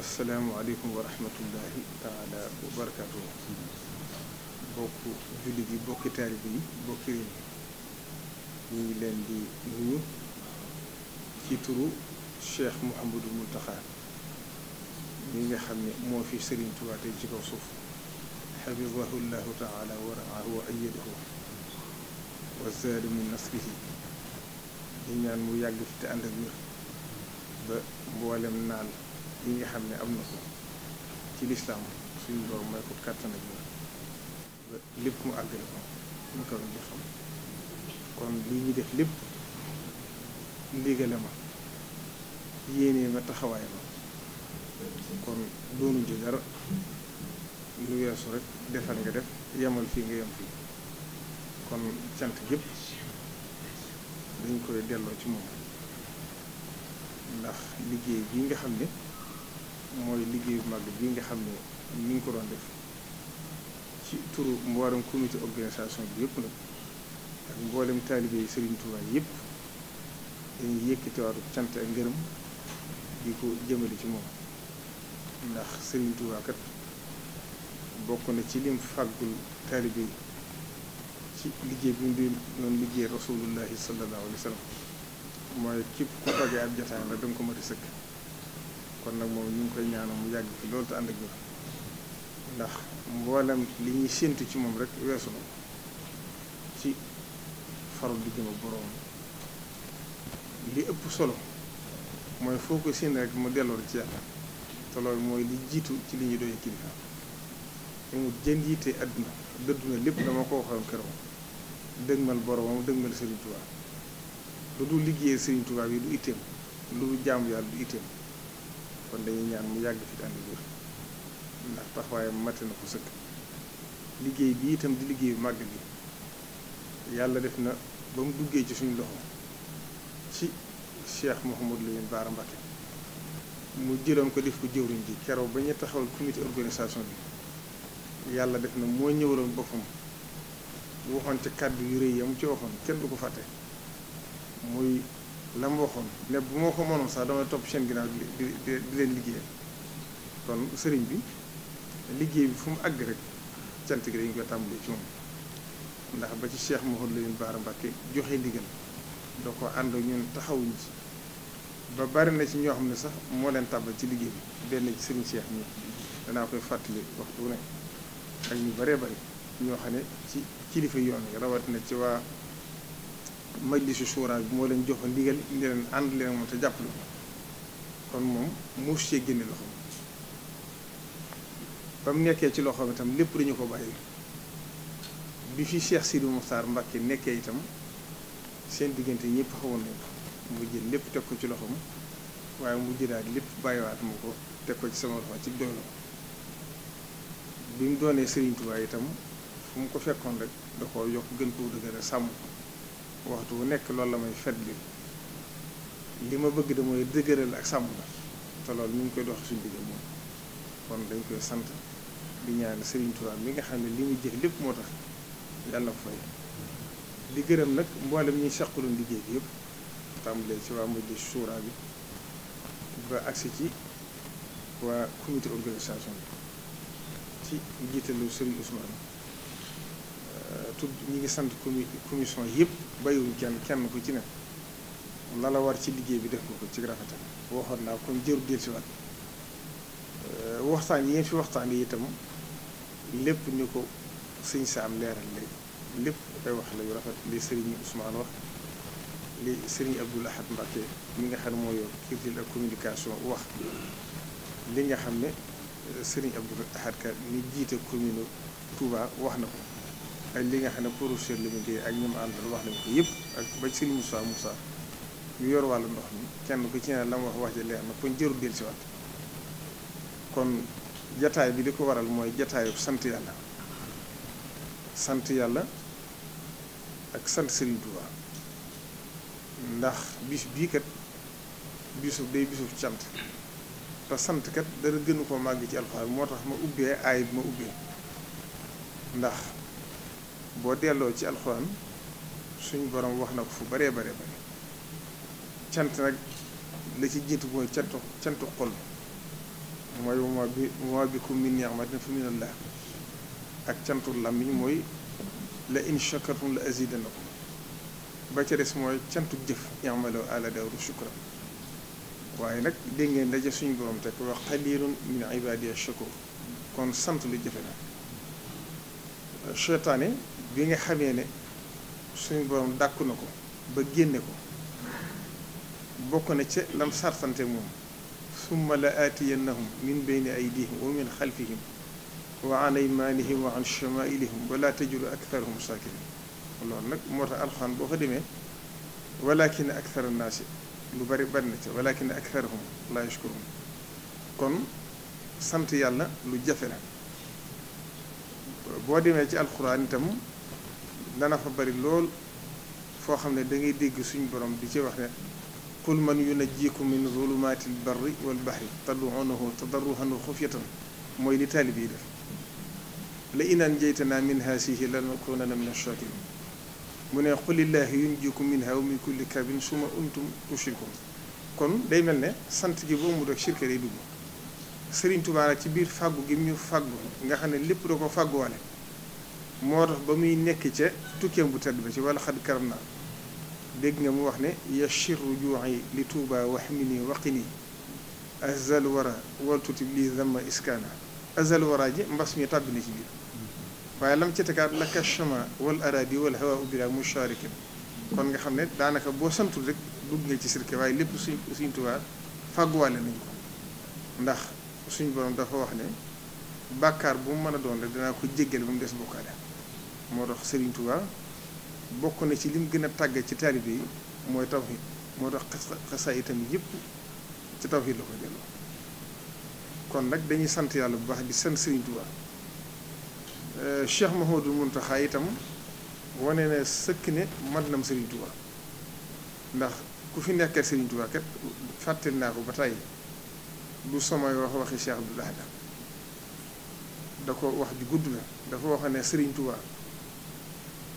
asalaamaaleykum wa rahmatullahi taala wa barakaatu bokk julli gi bokki taalib yi bokki réew mi ñu leen di nuyu ci turu Cheikh Mouhamadou Mountakha mi nga xam ni moo fi Sëriñ Tuubaa ci kaw suuf xafidahu llahu taala wa raahu wa ayyadahu wa zaada min nasrihi di ñaan mu yàgg fi te ànd ak ba mboolem naan li nga xam ne am na ko ci lislaam suñu borom may ko kàttan ak lépp mu àggale ko mu kaw ñu xam kon lii ñu def lépp ndigale ma yéenee ma taxawaay ma kon doonu ji lu weesu rek defal nga def yemal fii nga yem fii kon cant gépp dañ koy delloo ci moom ndax liggéey bi nga xam ne mooy liggéeyu mag bi nga xam ne ni ngi ko doon def ci turu mboolem comité organisation bi yëpp nag ak mboolem taalibe yi Serigne Touba yëpp dañuy yëkkatiwaatu cant ak ngërëm di ko jëmale ci moom ndax Serigne Touba bokk na ci lim fàggul taalibe yi ci liggéey bi mu di noonu liggéey rasulullahi sallallahu alayhi wa mooy ci ku toggee ab jotaay la danga ko mën a sëkk kon nag moom ñu ngi koy ñaanal mu yàgg fi loolu te ànd ak ñoom ndax mboolem li ñuy séentu ci moom rek weesu na ci faru diggam ak li ëpp solo mooy foo ko séen rek mu delloo ci yàlla te mooy li jiitu ci li ñuy doy kilifa li mu jën yiite àdduna dëdduna lépp dama ko waxoon keroog dëgmal boroomam dëgmal Serigne lu du liggéeyee Serigne yi du itteem lu du jaamu yàlla du itteem kon dañuy ñaan mu yàgg fi tànn biir ndax taxawaayam mate na ko sëkk liggéey bi itam di liggéey bu bi yàlla def na ba mu duggee ci suñu loxo ci Cheikh Mouhamadou Lamine Bara Mbacké mu jëloon ko def ko jëwriñ ji keroo ba ñu taxawal comité organisation bi yàlla def na moo ñëwaloon boppam waxoon ci kàddu yu rëy yam ci waxoon kenn du ko fàtte muy la mu ne bu moo ko mënoon sax damay topp seen ginnaaw di di di leen liggéeyal kon sëriñ bi liggéey bi fu mu àgg rek cant gi dañu koy tàmbalee ci moom ndax ba ci Cheikh moo Lamine Bara Mbacké joxe ndigal da ko ànd ñun taxawuñ ci ba bari na ñoo xam ne sax moo leen tàbbal ci liggéey bi benn ci sëriñ Cheikh ñi danaa koy fàttali waxtu ne ak baree bari ñoo xam ne ci kilifa yoon rawatina ci waa majlisu suuraa bi moo leen joxoon ndigal ne leen ànd leen moom te jàppale kon moom muus cee génne loxo ba mu nekkee ci loxo itam lépp dañu ko bàyyi bi fi si Sidi Mokhtar Mbacke nekkee itam seen diggante ñëpp xawoon nañ ko mu jël lépp teg ko ci loxoom waaye mu jëlaat lépp bàyyiwaat mu ko teg ko ci sama loxo ci doy bi mu doonee Serigne itam fu mu ko fekkoon rek da koo yokk gën koo dëgëral sàmm waxtu wu nekk loolu la may fetli li ma bëgg de mooy dëgëral ak sàmm la te loolu mi ngi koy dox si digg moom kon dañ koy sant di ñaan Serigne Touba mi nga xam ne li muy jëf lépp moo tax yàlla fay di gërëm nag mboolem ñi saqaloon liggéey bi yëpp tàmbalee ci waa mujj suura bi ba agsi ci waa comité organisation bi ci njiitalu Serigne Ousmane. tudd ñu ngi sant comi commission yëpp bàyyiwuñ kenn kenn ku ci ne la la war ci liggéey bi def nga ko ci rafetal waxoon naa kon jël del si waat euh, waxtaan yi ngeen fi waxtaan yi itam lépp ni ko sëñ Saam leeral léegi lépp ay wax la yu rafet li sëriñ Ousmane wax li sëriñ Abdoul Ahad Mbacké mi nga xam ne moo yor culture ak communication wax li nga xam ne euh, sëriñ Abdoul Ahad ka ni jiite commune Touba wax na ko ak li nga xam ne professeur li mu jëyee ak ñi mu àndal wax nañ ko yëpp ak ba ci Moussa Moussa ñu yor wàllu ndox mi kenn ku ci ne la mu wax wax ji leer na kon jërul del si waat kon jataay bi li ko waral mooy jataayu sant yàlla sant yàlla ak sant Serigne Touba ndax bis bii kat bisub day bisub cant te sant kat dara gënu ko màgg ci alxuraan moo tax ma ubbee aay bi ma ubbee ndax boo delloo ci alxuraan suñ borom wax na ko fu baree bare bare cant nag la ci jiitu mooy cantu cantu xol mooy ma bi ma bikum min ni'matin fa minallah ak cantu làmmiñ mooy la in shakartum la azidannakum ba ca des mooy cantu jëf i'malu ala Daawuda shukran waaye nag dégg ngeen daje suñu borom teg wax qalilun min ibadiya shakur kon sant lu jëfe na seytaane bi nga xamee ne suñu borom dàkku na ko ba génne ko bokk na ca lam sartante moom summa la aatiyannahum min bayni aydihim wa min xalfihim wa an aymanihim wa an chamailihim wala tajidu aktharahum shakirin loolu nag moo tax alxuraan boo ko demee walakin akthara naasi lu bari bari na ca walakin aktharahum la yashkurun kon sant yàlla lu jafe la boo demee ci alxuraan itam dana fa bari lool foo xam ne da ngay dégg suñu borom di ci wax ne qul man yunajjikum min zulumaati lbarri walbahri tad'uunahu tadarruhan wa xufyatan mooy li taalib yi def la in anjaytanaa min haasihi lanakuunanna min ash-shaakiriin mu ne qulillaahi yunjiikum minhaa wa min kulli kaabin summa antum tushrikuun kon day mel ne sant gi boo mu dog shirka day dugg Serigne Touba nag ci biir fàggu gi mu ñu fàggu nga xam ne lépp da ko fàgguwale moo tax ba muy nekk ca tukkeem bu tedd ba ci wala xad karam naa dégg nga mu wax ne yashirru juuxi li Touba waxmini waqini azal wara waltutib li zamma iskaana azal wara ji mbas mi tàbbi na ci biir waaye lam ci tegaat laka chama wal aradi wal hawa mu musharikin kon nga xam ne daanaka boo santul rek dugg nga ci sirke waaye lépp suñ suñ Touba fàgguwale ndax suñ borom dafa wax ne bàkkaar bu mu mën a doon rek dinaa ko jéggal ba mu des bokkaale moo tax Serigne Touba bokk na ci lim gën a tàgg ci taalibe yi mooy tawhid moo tax xasaa itam yëpp ci tawhid la ko delloo kon nag dañuy sant yàlla bu baax di sant Serigne Touba euh, Cheikh Mahoudou Mountakha itam wane na sëkk ne mat nam Serigne ndax ku fi nekkee Serigne Touba kat fàttali naa ko ba tàyyi du samay wax waxi Cheikh Abdoul Ahad da ko wax ju gudd la dafa wax ne Serigne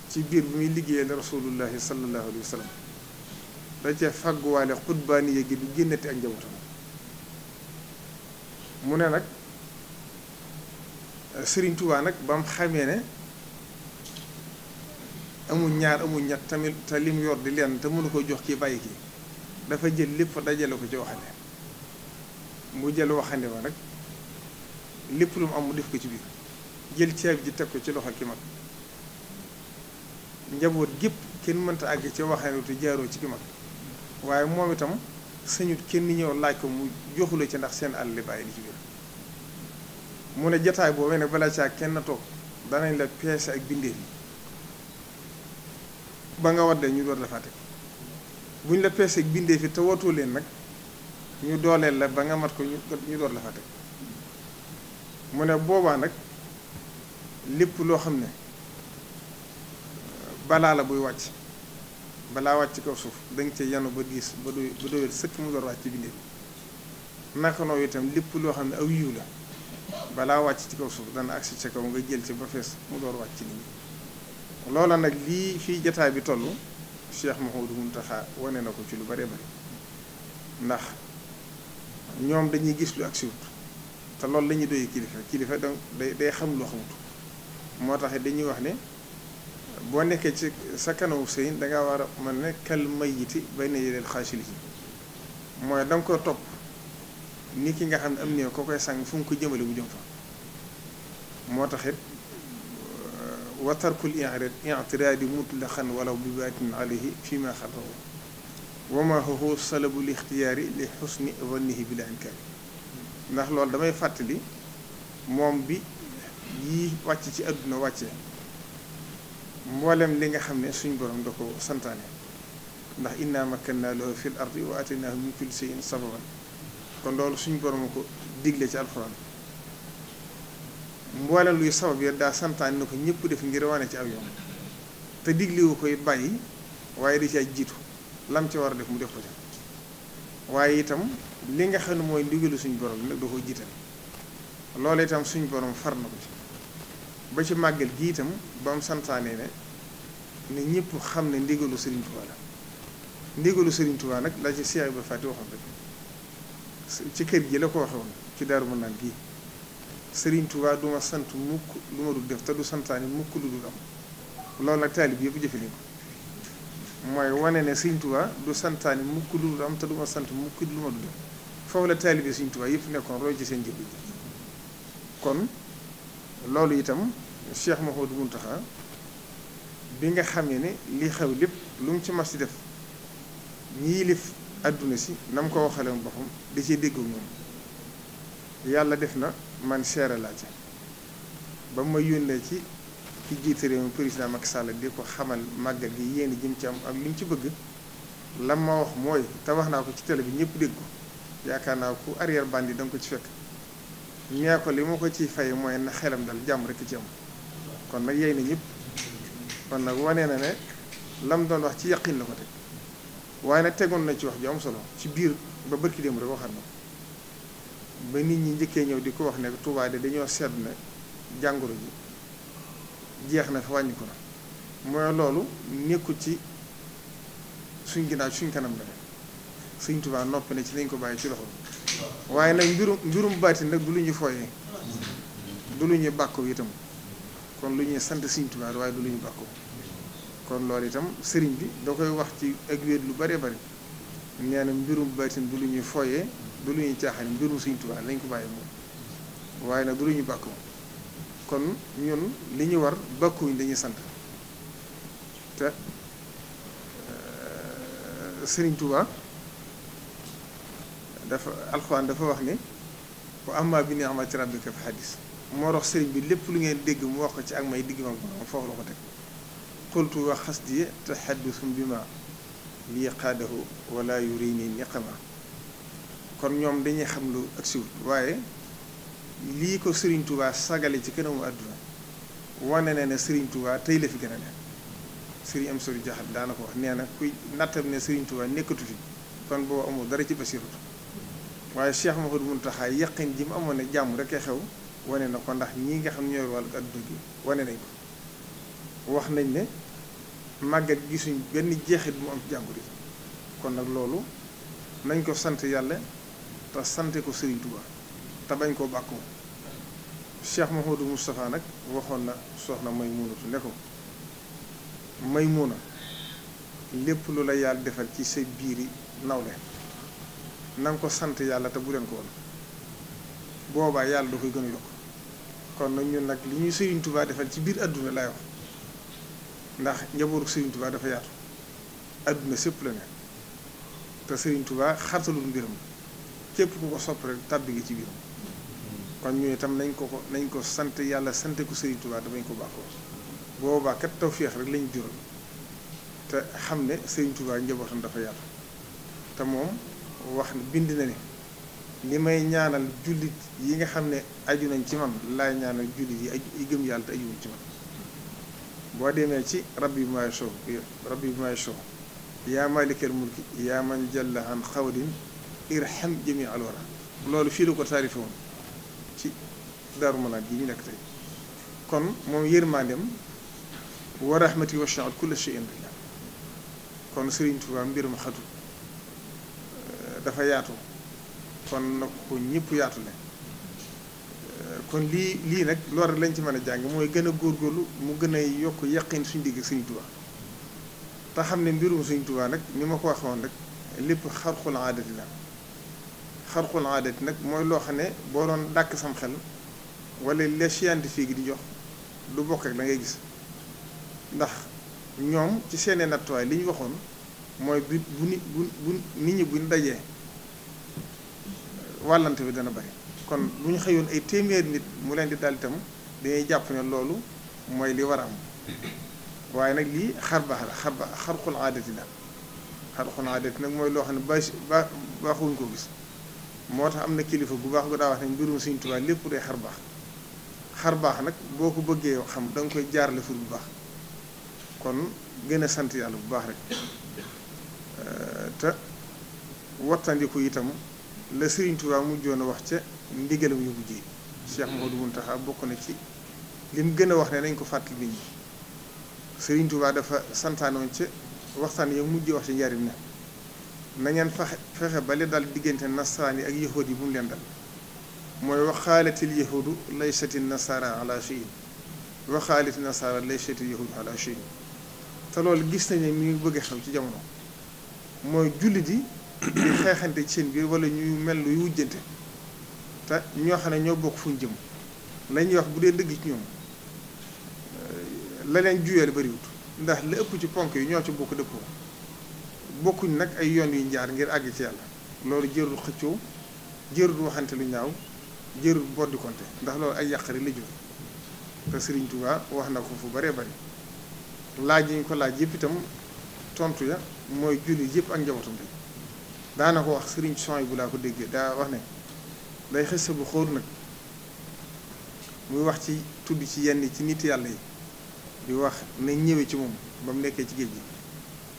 ci biir bi muy liggéeyal rasulullahi sallallahu alayhi wa sallam da ca fagguwaale xutbaani yéegi du génnati ak njabootam mu ne nag sëriñtuwaa nag ba mu xamee ne amul ñaar amul ñett tamit te lim yor di leen te mënu ko jox kii bàyyi kii dafa jël lépp dajale ko ci waxale mu jël waxande wa rek lépp lu mu am mu def ko ci biir jël ceeb ji teg ko ci loxo ki mag njaboot gépp kenn mënta àgg ci waxande te jaaroo ci ki mag waaye moom itam sañut kenn ñëw laaj ko mu joxule ci ndax seen àll bàyyi di ci biir mu ne jataay boobu nag balaa caa kenn toog danañ la peese ak bindéef yi ba nga waddee ñu door la fàtte bu ñu la peese ak bindéef yi te watoo leen nag ñu dooleel la ba nga mat ko ñu door la fa teg mu ne boobaa nag lépp loo xam ne euh, balaa la buy wàcc balaa wàcc kaw suuf danga ci yanu ba diis ba doy ba doyal sëkk mu door wàcc ci bindee naka noonu itam lépp loo xam ne aw yiw la balaa wàcc ci kaw suuf dana agsi ci kaw nga jël ci ba mu door wàcc loola nag lii fii jataay bi toll Cheikh Mouhamadou Mountakha wane na ko ci lu bare bari ndax ñoom dañuy gis lu ak siwut te loolu lañuy ñuy kilifa kilifa da day day xam loo xamut moo taxit dañuy wax ne boo nekkee ci sa kanawu sëyin danga war a mën ne kal mayiti bay na yeneen xaasili yi mooy da nga ko topp nit ki nga xam ne am néew ko koy sàng fu mu ko jëmale bu jëm fa moo tax it wa tarkul i'tiradi mutlaqan walaw bi baatin alayhi fi ma xatawu wa ma huwa salabul ixtiyaari li xusni zannihi bila inkaari ndax loolu damay fàttali moom bi yii wàcc ci àdduna wàcce mboolem li nga xam ne suñ borom da ko santaane ndax inna makkanna lahu fil ardi wa ataynaahu min kulli shay'in sababan kon loolu suñ borom ko digle ci alxuraan mboolem luy sabab ya daa santaane na ko ñëpp def ngir wane ci aw yoon te diglewu koy bàyyi waaye da caa jiitu lam ci war a def mu def ko ci waaye itam li nga xam ne mooy ndigalu suñu borom nag da ko jiital loolu itam suñu boroom far na ko ci ba ci màggal gi itam ba mu santaane ne ne ñëpp xam ne ndigalu Serigne Touba la ndigalu Serigne nag la ci Cheikh Ibrahima Faty waxoon rek ci kër gi la ko waxe woon ci Daaru Manaan gii Serigne Touba du ma sant mukk lu ma def te du santaane mukk lu dul am loolu nag taalib yëpp jëfe nañ ko mooy wane ne Sëriñ Tuubaa du santaani mukk du am te duma sant mukk lu ma du def foofu la taalibe Sëriñ Tuubaa yëpp nekkoon roy ci seen jëmm kon loolu itam Cheikh Mouhamadou Mountakha bi nga xamee ne li xew lépp lu mu ci mas di def ñii lif àdduna si na mu ko waxale boppam da cee déggu ñoom yàlla def na man seere laa ca ba ma yónnee ci ki jiite réew mi président Macky Sall di ko xamal màggal gi yéene jëm ci am ak li mu ci bëgg la ma wax mooy te naa ko ci télé bi ñëpp dégg ko yaakaar naa ku arrière bandi da nga ko ci fekk nee li ma ko ciy fay mooy na xelam dal jàmm rek ci am kon nag yey na ñëpp kon nag wanee na ne lam doon wax ci yaqin la ko teg waaye nag tegoon na ci wax ju solo ci biir ba bërki démb rek waxaat na ba nit ñi njëkkee ñëw di ko wax ne Tuubaa de dañoo sedd na jàngoro ji jeex na fa wàññi na mooy loolu nekkul ci suñ ginnaaw suñ kanam la Sëñ Tuubaa noppi na ci lañ ko bàyyi ci loxo waaye nag mbirum mbirum baatin nag du lu ñuy fooyee du lu ñuy bàkkoo itam kon lu ñuy sant Sëñ Tuubaa waaye du lu ñuy kon loolu itam sëriñ bi da koy wax ci ak lu bare bari nee na mbirum baatin du lu ñuy fooyee du lu ñuy caaxaan mbirum lañ ko bàyyi moom waaye nag du lu ñuy bàkkoo kon ñun li ñu war bàkkuwuñ dañuy sant te euh, Sëriñ dafa alxuraan dafa wax ni wa amma bi ni'mati rabbika fa xadis moo tax sëriñ bi lépp lu ngeen dégg mu wax ko ci ak may digg ma borom foofu la ko teg qultu wa xasdi taxaddusum bi ma lii qaadahu wala yurini niqama kon ñoom dañuy xam lu ak siwut waaye lii ko sëriñ Touba sagale ci kanamu àdduna wane na ne Serigne Touba tey la fi gën a ne Serigne am sori jaxat daana ko wax nee na kuy nattab ne Serigne Touba nekkatu kon boo amul dara ci basiratu waaye Cheikh Mouhamadou taxaay yaqin ji mu amoon ne jàmm rekk a xew wane na ko ndax ñi nga xam ne ñooy wàllu àdduna gi wane nañ wax nañ ne màgget gisuñ benn jeexit mu am jàmbur yi kon nag loolu nañ ko sant yàlla te sante ko Serigne Touba. te bañ koo bàkkoo Cheikh Mahoudou Moustapha nag waxoon na soxna Maymunatu ne ko Maymuna lépp lu la yàlla defal ci sa biiri nawle na nga ko sant yàlla te bu leen ko woon boobaa yàlla da koy gën yokk kon nag ñun nag li ñuy Serigne tubaa defal ci biir àdduna lay wax ndax njabootu Serigne Touba dafa yaatu àdduna sépp la ne te Serigne tubaa xartalul mbiram képp ku ko sopp rek tàbbi ngi ci biiram kon ñu itam nañ ko ko nañ ko sant yàlla sant ko Serigne Touba damañ ko baaxoo boobaa kat tawféex rek lañ jural te xam ne Serigne Touba njabootam dafa yàlla te moom wax bind na ne li may ñaanal jullit yi nga xam ne aju nañ ci man laay ñaanal jullit yi aju yi gëm yàlla te ajuwuñ ci man boo demee ci rabbi bi maay show rabbi bi maay show yaa maalikal mulki yaa man jalla an xawlin irham jami alwara loolu fii la ko taarife daaru manaat gi ñu nekk tey kon moom yërmaandeem wa rahmati wasi'at kulla shay'in kon Serigne Touba mbirum xatu euh, dafa yaatu kon na ko ñëpp yaatu ne euh, kon lii lii nag loolu lañ ci mën a jàng mooy gën a góor góorlu mu gën a yokk yaqin suñu digg Serigne Touba te xam ne mbirum Serigne Touba nag ni ma ko waxoon rek lépp xarxul aadati la xarxul aadati nag mooy loo xam ne boo doon dàkk sam xel. wala les scientifiques di jox du bokk ak la ngay gis ndax ñoom ci seenee nattuwaay li ñu waxoon mooy bu bu nit bu nit ñi buñ dajee wàllante bi dana bari kon bu ñu xëyoon ay téeméer nit mu leen di dal itam dañuy jàpp ne loolu mooy li war a am waaye nag lii xar baax la xar baax xarxul aadati la xarxul aadati nag mooy loo xam ne baax baaxuñ ko gis moo tax am na kilifa bu baax gu daa wax ne mbirum Sëriñ Tuubaa lépp day xar baax xar baax nag boo ko bëggee xam danga nga koy jaarale fur bu baax kon gën a sant yàlla bu baax rek euh, te wattandiku itam la Sëriñ Tuubaa mujjoon a wax ca ndigalam yu mujj yi moo Mouhamadou Mountakha bokk na ci lim gën a wax ne dañ ko fàttali nit ñi Sëriñ Tuubaa dafa santaanoon ca waxtaan ya mujj wax ci njariñ na nañeen fexe fexe ba li dal diggante nasaraan yi ak yahood yi bu mu leen dal mooy waxaalatil yahudu laysati nasara ala cheyin waxaalati nasara laysati yahudu ala cheyin te loolu gis nañu mi ngi bëgg a xew ci jamono mooy jullit yi di xeexante ci seen biir wala ñuy mel luy wujjante te ñoo xam ne ñoo bokk fuñ jëm lañuy wax bu dee dëgg ci ñoom la leen juyeel bariwut ndax li ëpp ci ponk yi ñoo ci bokk dëppoo bokkuñ nag ay yoon yu njaar ngir àgg ci yàlla loolu jërul xëccoo jërul waxante lu ñaaw jërul bord di compter ndax loolu ay yàq rek la jur te Serigne Touba wax na ko fu bëree bëri laaj yi ñu ko laaj yëpp itam tontu ya mooy julli yëpp ak njabootam bi daana ko wax Serigne Souhaïbou bu laa ko déggee daa wax ne day xëse bu xóor nag muy wax ci tudd ci yenn ci nit yàlla yi di wax nañ ñëwee ci moom ba mu nekkee ci géej gi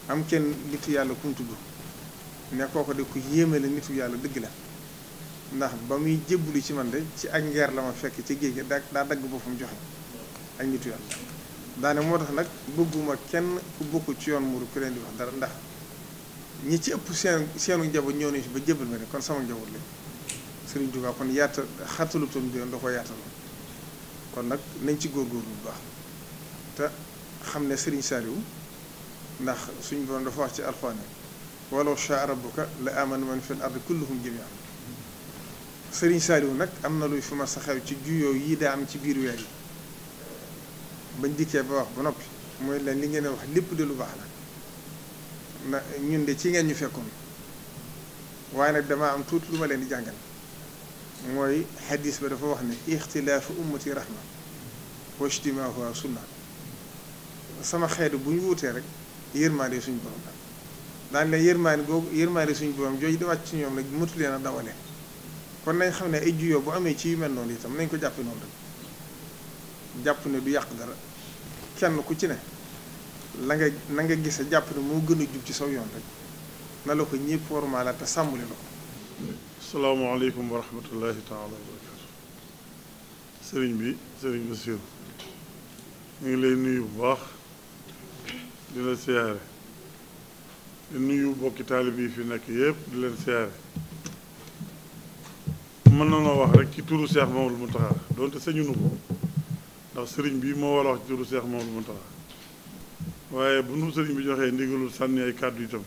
am kenn nitu yàlla kum tudd ne kooko de ku yéeme la nitu yàlla dëgg la. ndax ba muy jébbulu ci man de ci ak ngeer la ma fekk ci géej gi daa dagg mu joxe ak nitu yàlla daane moo tax nag bëgguma kenn ku bokk ci yoon muru ku di wax dara ndax ñi ci ëpp seen seenu njaboot ñëw nañu si ba jébbal ma kon sama njaboot lañ Sëriñ Tuubaa kon yaata xatalutoon bi yoon da kon nag nañ ci góorgóorlu baax te xam ne Sëriñ Saaliw suñu borom dafa wax ci alxuraan walaw shaa rabbuka la amana man fil ardi kulluhum jamii'an Serigne Saliou nag am na luy fi ma sa xew ci juyoo yii daa am ci biir weer yi bañ dikkee ba wax ba noppi mooy leen li ngeen wax lépp de lu baax la na ñun de ci ngeen ñu fekkoon waaye nag damaa am tuuti lu ma leen di jàngal mooy xadis ba dafa wax ne ixtilaafu ummati rahma wa ijtimaahuha sunna sama xeetu bu ñu wuutee rek yërmaande suñu borom la daan leen yërmaande googu yërmaande suñu borom jooju di wàcc ci ñoom nag mëtu leen a dawale kon nañ xam ne ay juyoo bu amee ci yu mel noonu itam nañ ko jàppe noonu rek jàpp ne du yàq dara kenn ku ci ne la nga na nga gise jàpp ne moo gën a jub ci saw yoon rek na la ko ñëpp warmaala te sàmmuli la ko asalaamaaleykum wa rahmatullahi taala wa sëriñ bi sëriñ Basiru ñu ngi lay nuyu bu baax di la siyaare di nuyu bokki taalib yi fi nekk yëpp di leen siyaare mën na noo wax rek ci turu Seex Mamadu Muntaxa donte sëñunu ko ndax sëriñ bi moo war a wax ci turu Seex Mamadu Muntaxa waaye bu nu sëriñ bi joxee ndigalul sànni ay kàddu itam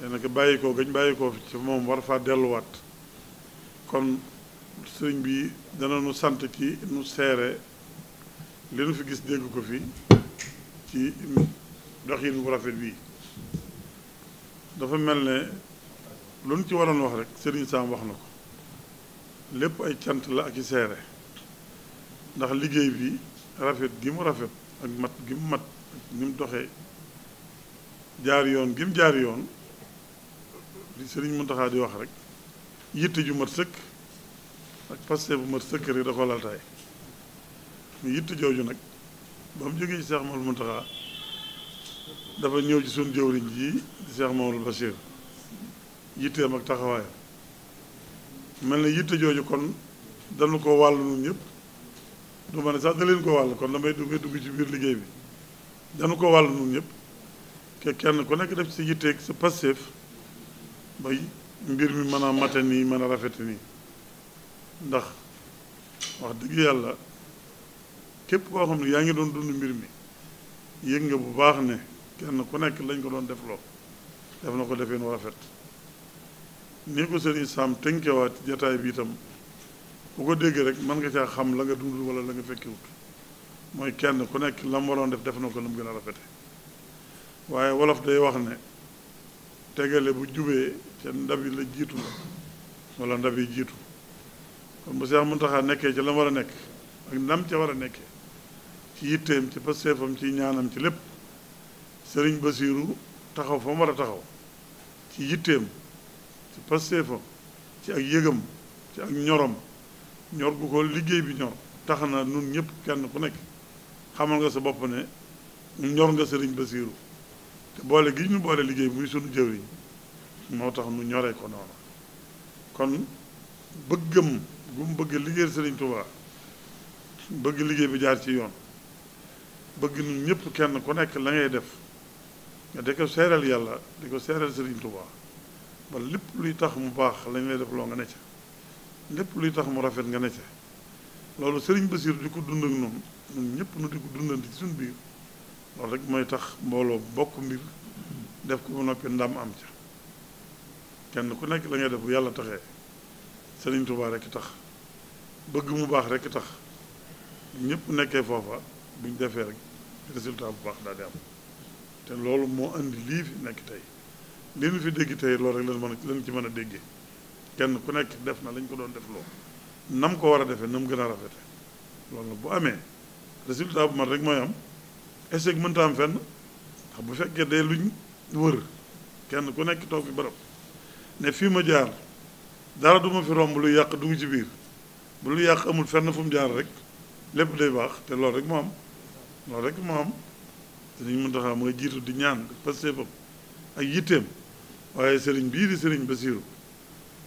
te nag bàyyi ko gañ bàyyi ko ci moom war faa delluwaat kon sëriñ bi dana nu sant ci nu seere li fi gis dégg ko fi ci doxin bu rafet bii dafa mel ne lu nu ci waroon wax rek sëriñ Sam wax na ko lépp ay cant la ak i seere ndax liggéey bi rafet gi mu rafet ak mat gi mu mat ak ni mu doxee jaar yoon gi mu jaar yoon li Sëriñ muntaxaa di wax rek yitte ju mat sëkk ak paste bu mat sëkk rek da ko laltaay mu yitte jooju nag ba mu jógee ci Seex Mamadu Muntaxa dafa ñëw ci suñu jëwriñ ji di Seex Mamadu Bachir yitteem ak taxawaayam mel na yitte jooju kon dañu ko wàll nun ñëpp du ma ne sax da ko wàll kon damay dugg ci biir liggéey bi dañu ko wàll nun ñëpp ke kenn ku nekk def ci yitteeg sa passeef ba mbir mi mën a mate nii mën a rafet nii ndax wax dëgg yàlla képp koo xam ne yaa ngi doon dund mbir mi yëg nga bu baax ne kenn ku nekk lañ ko doon defloo def na ko defeen rafet nii ko sëriñ Sam tënkewaat jataay bi itam ku ko dégg rek mën nga ca xam la nga dundul wala la nga fekkiwut mooy kenn ku nekk lam waroon def defe na ko la mu gën a rafete waaye wolof day wax ne tegale bu jubee ca ndab la jiitu la wala ndab jiitu kon bu Seex Muntaxa nekkee ci lam war a nekk ak ndam ca war a nekkee ci yitteem ci pasteefam ci ñaanam ci lépp sëriñ Basiiru taxaw fa war a taxaw ci yitteem ci pastéefam ci ak yëgam ci ak ñorom ñor gu ko liggéey bi ñor tax na nun ñëpp kenn ku nekk xamal nga sa bopp ne ñor nga sëriñ Basiiru te boole gi ñu boole liggéey muy sunu jëwriñ moo tax nu ñoree ko noonu kon bëggam gu mu bëgg liggéeyal sëriñ Tuubaa bëgg liggéey bi jaar ci yoon bëgg nun ñëpp kenn ku nekk la ngay def nga di ko seeral yàlla di ko seeral sëriñ Tuubaa ba lépp luy tax mu baax lañ lay def loo nga ne ca lépp luy tax mu rafet nga ne ca loolu sëriñ Basiir di ko dund ak noonu ñun ñëpp nu di ko dundandi ci suñu biir loolu rek mooy tax mbooloo bokk mbir def ko ba noppi ndam am ca kenn ku nekk la ngay def bu yàlla taxee sëriñ Tuubaa rekk tax bëgg mu baax rekk tax ñëpp nekkee foofa buñ defee rek résultat bu baax daal di am te loolu moo indi lii fi nekk tey li ñu fi dégg tey loolu rek lan mën a lan ci mën a déggee kenn ku nekk def na lañ ko doon def loo nam ko war a defee nam gën a rafete loolu nag bu amee résultat bu mat rek mooy am échec mënta am fenn bu fekkee day luñ kenn ku nekk toog fi barab ne fii ma jaar dara ma fi romb lu yàq dugg ci biir bu lu yàq amul fenn fu mu jaar rek lépp day baax te loolu rek moo am loolu rek moo am te ñu mën taxaa mooy jiitu di ñaan ak pastéefam ak yitteem waaye sëriñ bii di sëriñ Basiiru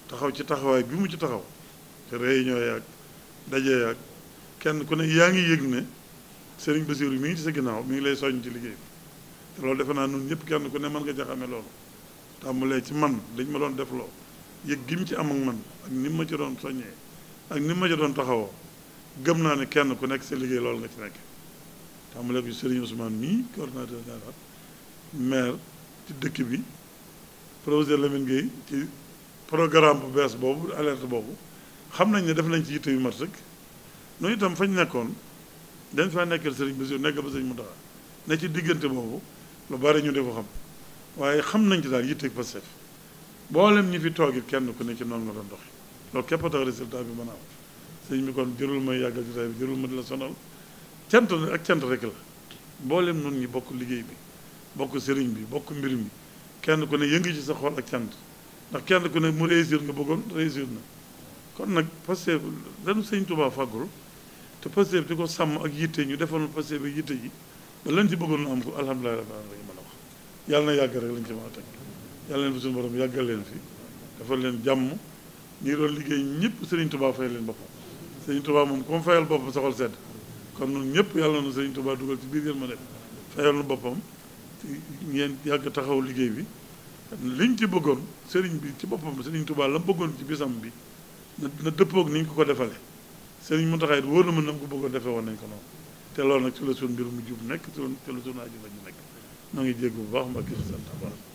taxaw ci taxawaay bi mu ci taxaw te réunion yaag daje yaag kenn ku nekk yaa ngi yëg ne sëriñ Basiiru mi ngi ci sa ginnaaw mi ngi lay soññ ci liggéey bi te loolu defe naa nun ñëpp kenn ku ne mën nga jaxame loolu tàmbalee ci man dañ ma doon def loo gi mu ci am man ni ma ci doon soññee ak ni ma ci doon taxawoo gëm naa ne kenn ku nekk sa liggéey loolu nga ci nekk tàmbalee ko sëriñ Ousmane mii coordonnateur général maire ci dëkk bi professeur Lamine Gueye ci programme bu bees boobu alert boobu xam nañ ne def nañ ci yitte yu mat rek noonu itam fañ nekkoon dañ faa nekkal sëriñ Bassirou nekk ba sëriñ Mountakha ne ci diggante boobu lu bari ñu defu xam waaye xam nañ ci daal yitteeg Pastef mboolem ñi fi toogit kenn ku ne ci noonu nga doon doxi loolu képp a tax résultat bi mën a am sëriñ bi kon jërul may yàggal jotaay bi jërul ma di la sonal cant ak cant rek la mboolem nun ñi bokk liggéey bi bokk sëriñ bi bokk mbir mi kenn ku ne yëngu ci sa xol ak cant ndax kenn ku ne mu réussir nga bëggoon réussir na kon nag Pastef lanu sëñ Tuubaa fàggul te bi di ko sàmm ak yitte ñu defoon Pastef ak yitte ji ba lañ ci bëggoon am ko alhamdulilah rabbil alamin lañu mën a wax yàlla na yàgg rek lañ ci mën a teg yàlla leen fi suñu borom yàggal leen fi defal leen jàmm ñi doon liggéey ñëpp sëriñ Tuubaa fayal leen boppam sëriñ Tuubaa moom comme fayal boppam soxal sedd kon ñun ñëpp yàlla na sëriñ Tuubaa dugal ci biir yéen ma def boppam ngeen yàgg taxaw liggéey bi ñu ci bëggoon sëriñ bi ci boppam sëriñ Tuubaa la mu bëggoon ci bisam bi na na dëppoog ni ñu ko ko defale sëriñ Muntaxa it wóor na mën na ko bëggoon defee woon nañ ko noonu te loolu nag ci la suñ mbir mu jub nekk ci la suñ aju la ñu nekk maa ngi jégg bu baax mbakki sant baax